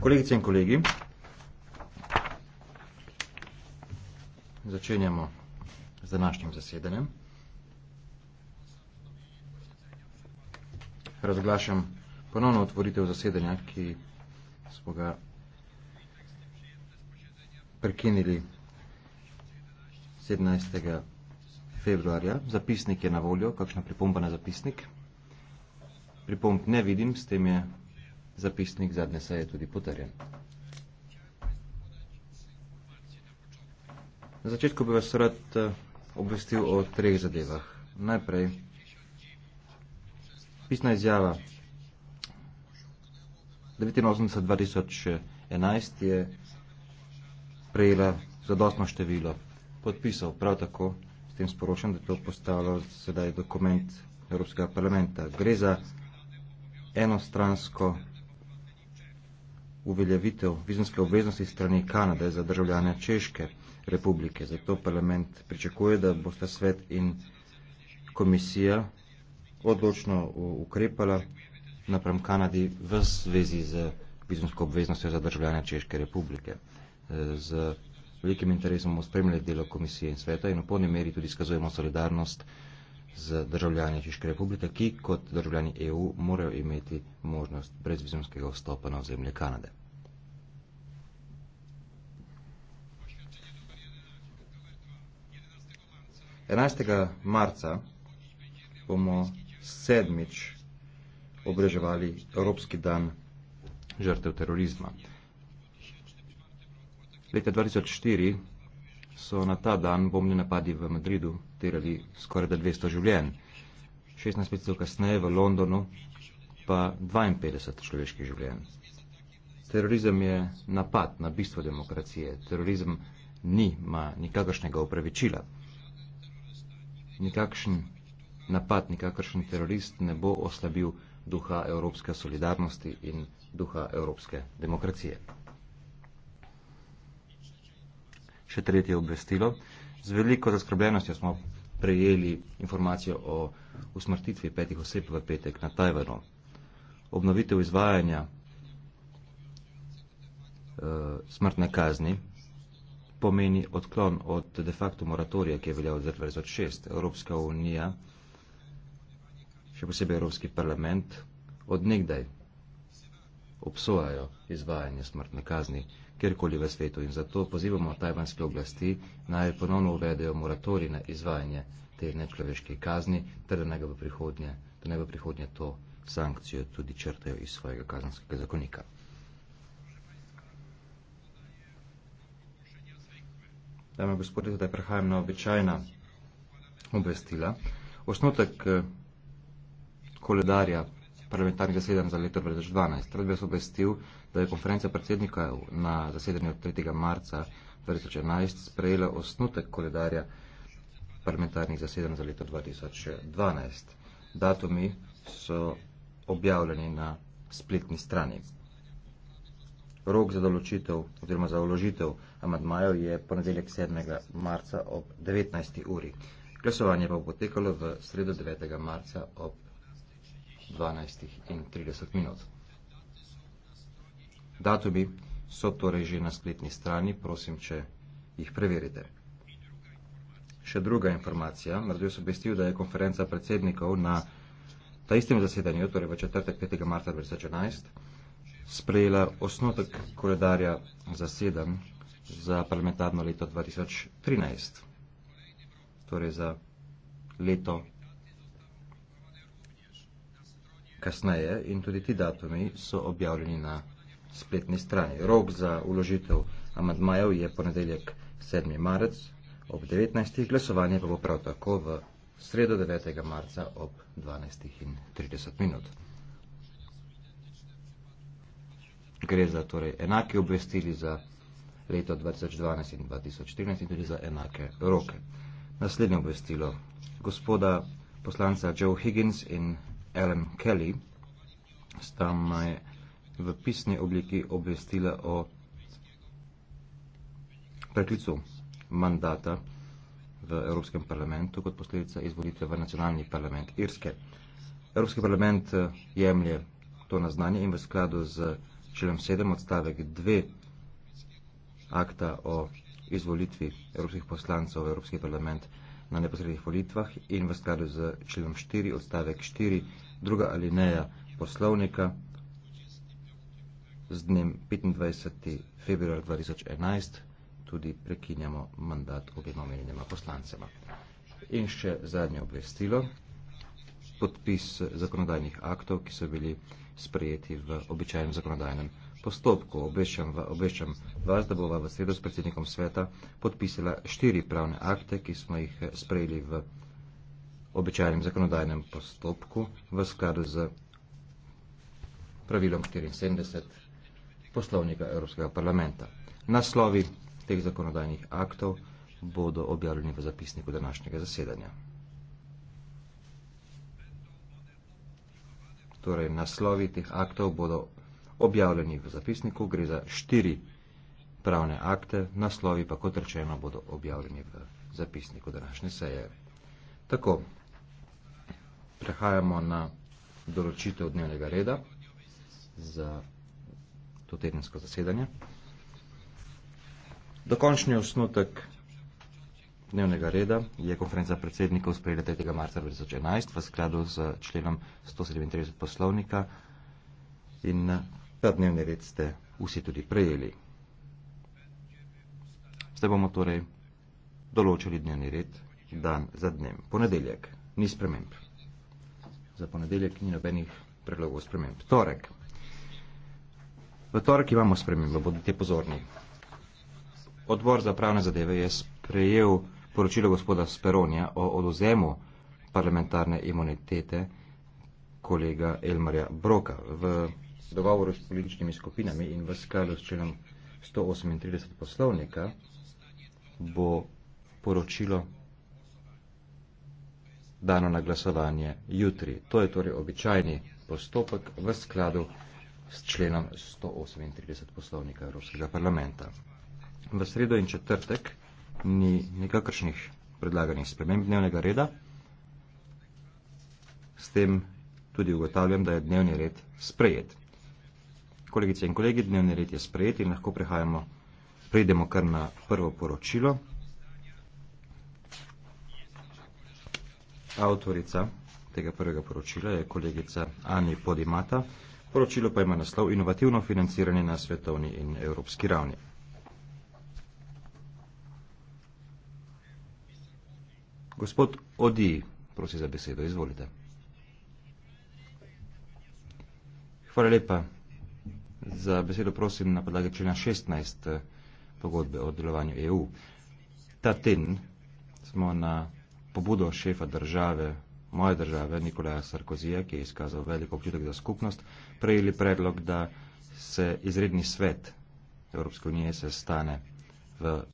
Kolegice in kolegi, začenjamo z današnjim zasedanjem. Razglašam ponovno otvoritev zasedanja, ki smo ga prekinili 17. februarja. Zapisnik je na voljo, kakšna pripomba na zapisnik. Pripomb ne vidim, s tem je zapisnik zadnje seje tudi potrjen. Na začetku bi vas rad eh, obvestil o treh zadevah. Najprej, pisna izjava 89.2011 je prejela zadostno število podpisal prav tako s tem sporočam, da je to postalo sedaj dokument Evropskega parlamenta. Gre za enostransko uveljavitev vizumske obveznosti strani Kanade za državljane Češke republike. Zato parlament pričakuje, da boste svet in komisija odločno ukrepala naprem Kanadi v zvezi z vizumsko obveznostjo za državljane Češke republike. E, z velikim interesom bomo spremljali delo komisije in sveta in v polni meri tudi skazujemo solidarnost za državljanje Češke republike, ki kot državljani EU morajo imeti možnost brezvizumskega vstopa na ozemlje Kanade. Enajstega marca bomo sedmič obreževali Evropski dan žrtev terorizma. Leta 2004 so na ta dan bombni napadi v Madridu terali skoraj da 200 življenj. 16 metrov kasneje v Londonu pa 52 človeških življenj. Terorizem je napad na bistvo demokracije. Terorizem ni, ima nikakršnega upravičila. Nikakšen napad, nikakršen terorist ne bo oslabil duha evropske solidarnosti in duha evropske demokracije še tretje obvestilo. Z veliko zaskrbljenostjo smo prejeli informacijo o usmrtitvi petih oseb v petek na Tajvanu. Obnovitev izvajanja e, smrtne kazni pomeni odklon od de facto moratorija, ki je veljal od 2006. Evropska unija, še posebej Evropski parlament, od nekdaj obsojajo izvajanje smrtne kazni kjerkoli v svetu in zato pozivamo tajvanske oblasti naj ponovno uvedejo moratori na izvajanje te nečloveške kazni, ter da naj v prihodnje, da naj v prihodnje to sankcijo tudi črtajo iz svojega kazanskega zakonika. Dame gospodje, zdaj prehajam na običajna obvestila. Osnotek eh, koledarja parlamentarnih zasedanj za leto 2012. Rad bi vas obvestil, da je konferenca predsednikov na zasedanju 3. marca 2011 sprejela osnutek koledarja parlamentarnih zasedanj za leto 2012. Datumi so objavljeni na spletni strani. Rok za določitev oziroma za uložitev amadmajev je ponedeljek 7. marca ob 19. uri. Glasovanje pa bo potekalo v sredo 9. marca ob 19. 12 in 30 minut. Datumi so torej že na spletni strani, prosim, če jih preverite. Še druga informacija, Mrdjo so obvestil, da je konferenca predsednikov na ta istem zasedanju, torej v četrtek 5. marca 2011, sprejela osnotek koledarja za sedem za parlamentarno leto 2013, torej za leto kasneje in tudi ti datumi so objavljeni na spletni strani. Rok za uložitev amadmajev je ponedeljek 7. marec ob 19. glasovanje pa bo prav tako v sredo 9. marca ob 12.30 minut. Gre za torej enake obvestili za leto 2012 in 2014 in tudi za enake roke. Naslednje obvestilo gospoda poslanca Joe Higgins in Ellen Kelly, sta me v pisni obliki obvestila o preklicu mandata v Evropskem parlamentu kot posledica izvolitve v nacionalni parlament Irske. Evropski parlament eh, jemlje to na znanje in v skladu z členom 7 odstavek 2 akta o izvolitvi evropskih poslancov v Evropski parlament na neposrednih volitvah in v skladu z členom 4 odstavek 4 druga alineja poslovnika z dnem 25. februar 2011 tudi prekinjamo mandat obema omenjenima poslancema. In še zadnje obvestilo podpis zakonodajnih aktov, ki so bili sprejeti v običajnem zakonodajnem postopku. Obveščam, obveščam vas, da bova v sredo s predsednikom sveta podpisala štiri pravne akte, ki smo jih sprejeli v običajnem zakonodajnem postopku v skladu z pravilom 74 poslovnika Evropskega parlamenta. Naslovi teh zakonodajnih aktov bodo objavljeni v zapisniku današnjega zasedanja. torej naslovi teh aktov bodo objavljeni v zapisniku, gre za štiri pravne akte, naslovi pa kot rečeno bodo objavljeni v zapisniku današnje seje. Tako, prehajamo na določitev dnevnega reda za to tedensko zasedanje. Dokončni osnutek dnevnega reda je konferenca predsednikov sprejela 3. marca 2011 v skladu z členom 137 poslovnika in eh, ta dnevni red ste vsi tudi prejeli. Zdaj bomo torej določili dnevni red dan za dnem. Ponedeljek ni sprememb. Za ponedeljek ni nobenih predlogov sprememb. Torek. V torek imamo spremembo, bodite pozorni. Odbor za pravne zadeve je sprejel sporočilo gospoda Speronja o oduzemu parlamentarne imunitete kolega Elmarja Broka. V dogovoru s političnimi skupinami in v skalu s členom 138 poslovnika bo poročilo dano na glasovanje jutri. To je torej običajni postopek v skladu s členom 138 poslovnika Evropskega parlamenta. V sredo in četrtek ni nekakršnih predlaganih sprememb dnevnega reda. S tem tudi ugotavljam, da je dnevni red sprejet. Kolegice in kolegi, dnevni red je sprejet in lahko prehajamo, prejdemo kar na prvo poročilo. Avtorica tega prvega poročila je kolegica Ani Podimata. Poročilo pa ima naslov Inovativno financiranje na svetovni in evropski ravni. Gospod Odi, prosi za besedo, izvolite. Hvala lepa. Za besedo prosim na podlagi člena 16 eh, pogodbe o delovanju EU. Ta teden smo na pobudo šefa države, moje države, Nikolaja Sarkozija, ki je izkazal veliko občutek za skupnost, prejeli predlog, da se izredni svet Evropske unije sestane v.